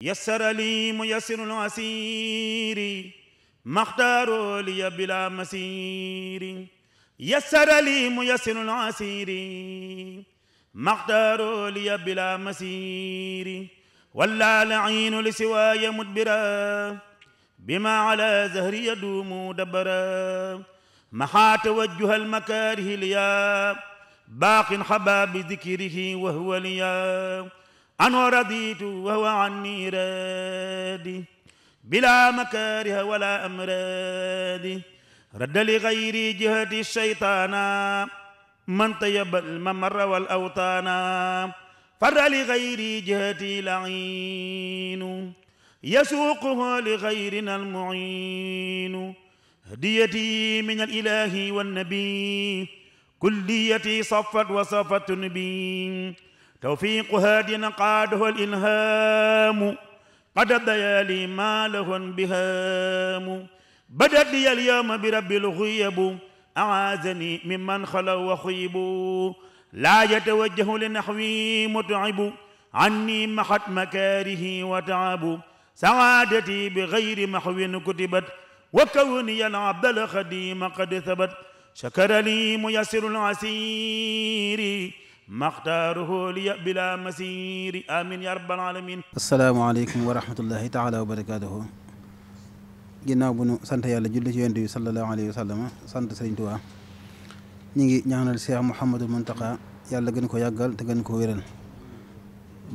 يسر لي ميسر العسير مختار لي بلا مسير يسر لي ميسر العسير مختار لي بلا مسير ولا العين لسواي مدبرا بما على زهري يدوم دبرا محا توجه المكاره ليا باق حباب ذكره وهو ليا أنا رضيت وهو عني رادي بلا مكاره ولا أمرادي رد لغير جهة الشيطان من طيب الممر والأوطان فر لغير جهتي لعين يسوقها لغيرنا المعين هديتي من الإله والنبي كليتي صفت وصفت بي توفيق هاد قاده والإلهام قد ضيا ما له بهام بدت لي اليوم برب الغيب أعاذني ممن خلا وخيب لا يتوجه لنحوي متعب عني محت مكاره وتعب سعادتي بغير محو كتبت وكوني العبد الخديم قد ثبت شكر لي ميسر العسير مختاره لي بلا مسير امين يا رب العالمين السلام عليكم ورحمه الله تعالى وبركاته جناو بنو سانت يالا جولي سي يونتي صلى الله عليه وسلم سانت سيرن توا نيغي نيانال شيخ محمد المنتقى يالا غنكو ياغال تا غنكو ويرال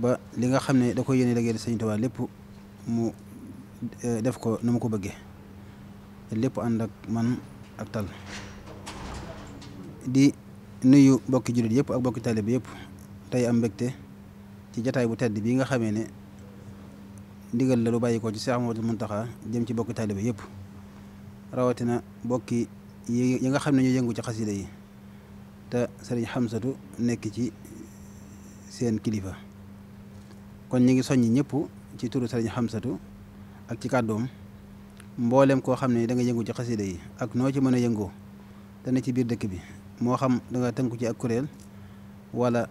با ليغا خامني داكو ييني داغي سيرن توا ليپ مو ديفكو نمكو بغي ليپ اندك مان اك دي nuyu bokki jullit yëpp ak bokki talib yëpp tey am mbégte ci jataay bu tedd bii nga xamee ne ndigal lalu lu bàyyi ko ci Cheikh Mouhamadoul Mountakha jëm ci bokki talib yëpp rawatina bokki yi nga xam ne ñoo yëngu ci xasida yi te sëriñ Xamsatu nekk ci seen kilifa kon ñu ngi soññ ñëpp ci turu sëriñ Xamsatu ak ci kàddoom mboolem koo xam ne danga yëngu ci xasida yi ak noo ci mën a yëngoo dana ci biir dëkk bi moo xam danga tënku ci ak kuréel wala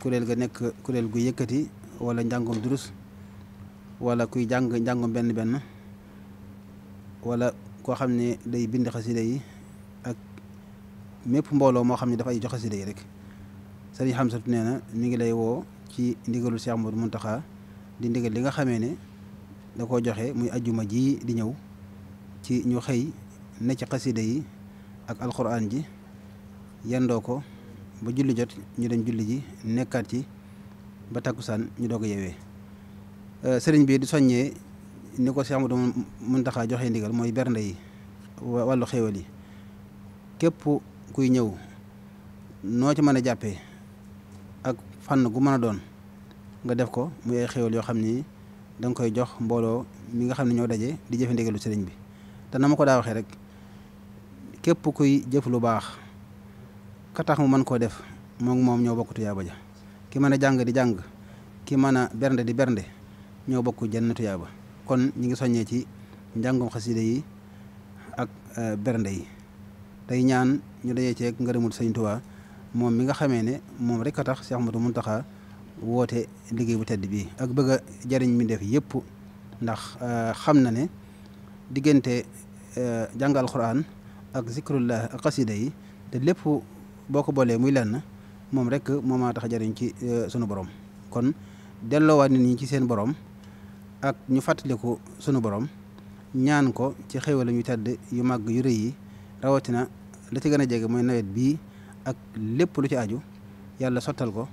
kuréel ga nekk kuréel gu yëkkati wala njàngum durus wala kuy jàng njàngum benn benn wala koo xam ne day bind xasida yi ak mépp mbooloo moo xam ne dafa ay jox xasida yi rek sëriñ Xamsatu nee na mi ngi lay woo ci ndigalul Cheikh Mouhamadou Mountakha di ndigal li nga xamee ne da koo joxe muy ajjuma ji di ñëw ci ñu xëy ne ci xasida yi ak alquran ji yendoo ko ba julli jot ñu dem julli ji nekkaat ci ba takkusaan ñu doog a yeewee euh, sëriñ bi di soññee ni ko Cheikh Amadou Muntaxa joxe ndigal mooy bernde yi wàllu xéewal yi képp kuy ñëw noo ci mën a jàppee ak fànn gu mën doon nga def ko muy ay xéewal yoo xam ni da koy jox mbooloo mi nga xam ne ñoo daje di jëfe ndigalu sëriñ bi te na ma ko daa waxee rek képp kuy jëf lu baax katax mu man ko def moom moom ñoo bokk tuyaaba ja ki mana jang di jang ki mana bernde di bernde ño bokku jannatu yaba kon ñi ngi soññee ci jangum khasside yi ak eh, bernde yi tay ñaan ñu dajee ci ngërëmul seigne touba mom mi nga xamé né mom rek katax Cheikh Ahmadou Mountakha wote liggey bu tedd bi ak bëgg a jariñ mi def yépp ndax eh, xamna né ne eh, jangal qur'an ak zikrullah qasida yi te lepp boo ko boolee muy lenn moom rek moom a tax jariñ ci euh, sunu borom kon delloowaat nit ñi ci seen borom ak ñu fàttaliku sunu borom ñaan ko ci xéwal la ñu tedd yu màgg yu rëy yi rawatina la ci gën a jege mooy nawet bii ak lépp lu ci aju yàlla sottal ko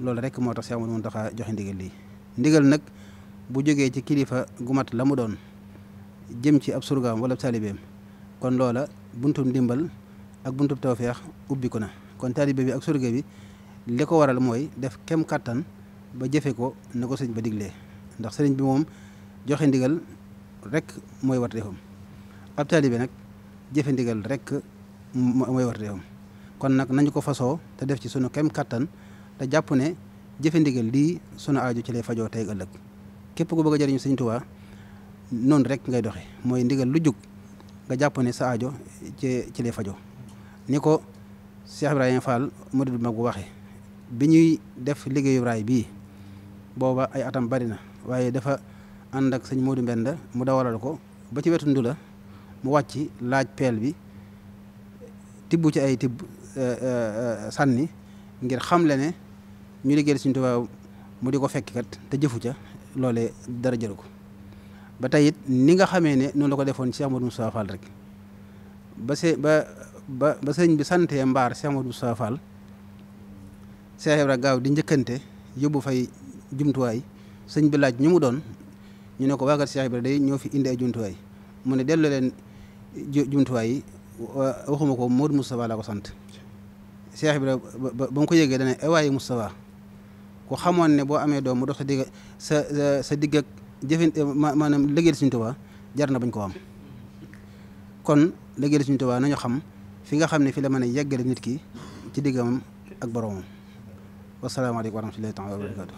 loolu rek moo tax si amul mun taxaa joxe ndigal lii ndigal nag bu jógee ci kilifa gu mat la mu doon jëm ci ab surgaam wala ab taalibeem kon loola buntu ndimbal ak buntub tawféex ubbiku na kon taalibe bi ak surga bi li ko waral mooy def kem kattan ba jëfe ko na ko sëñ ba diglee ndax sëriñ bi moom joxe ndigal rek mooy war defam ab nag jëfe ndigal rek mooy war kon nag nañu ko fasoo te def ci sunu kem kattan da jàpp ne jëfe ndigal lii sunu aaju ci lay fajo tey ëllëg képp ku bëgg a jëriñu sëñ Tuubaa noonu rek ngay doxe mooy ndigal lu jug nga jàpp ne sa aajo ci ci lay fajo ni ko Cheikh Ibrahima Fall murid bu mag bu waxe bi ñuy def liggéeyu raay bii booba ay atam bari na waaye dafa ànd ak sëñ Modou Mbenda mu dawalal ko ba ci wetu Ndula mu wàcc laaj peel bi tibbu ci ay tibb eh, eh, eh, sànni ngir xamle ne ñu liggéeyal suñu Tuubaa mu di ko fekk kat te jëfu ca loole dara jël ko ba tey it ni nga xamee ne noonu la ko defoon Cheikh Modou Moustapha Fall rek ba se ba ba sëñ bi sante mbaar Cheikh Modou Moustapha Fall Cheikh Ibra di njëkkante yóbbu fay jumtuwaay sëñ bi laaj ñu mu doon ñu ne ko waagat Cheikh Ibra day ñëw fi indi ay jumtuwaay mu ne delloo leen jumtuwaay yi waxuma ko Modou Moustapha laa ko sant Cheikh Ibra ba ba mu ko yëgee dana ewaayi Moustapha ku xamoon ne boo amee doom mu dox sa digg sa sa digg ak jëfin maanaam liggéeyal Sëñ Tuubaa jar na bañ ko am kon liggéeyal Sëñ Tuubaa nañu xam fi nga xam fi la mën a yeggale nit ki ci digam ak borom wa salaamu alaykum wa rahmatullahi wa barakatuh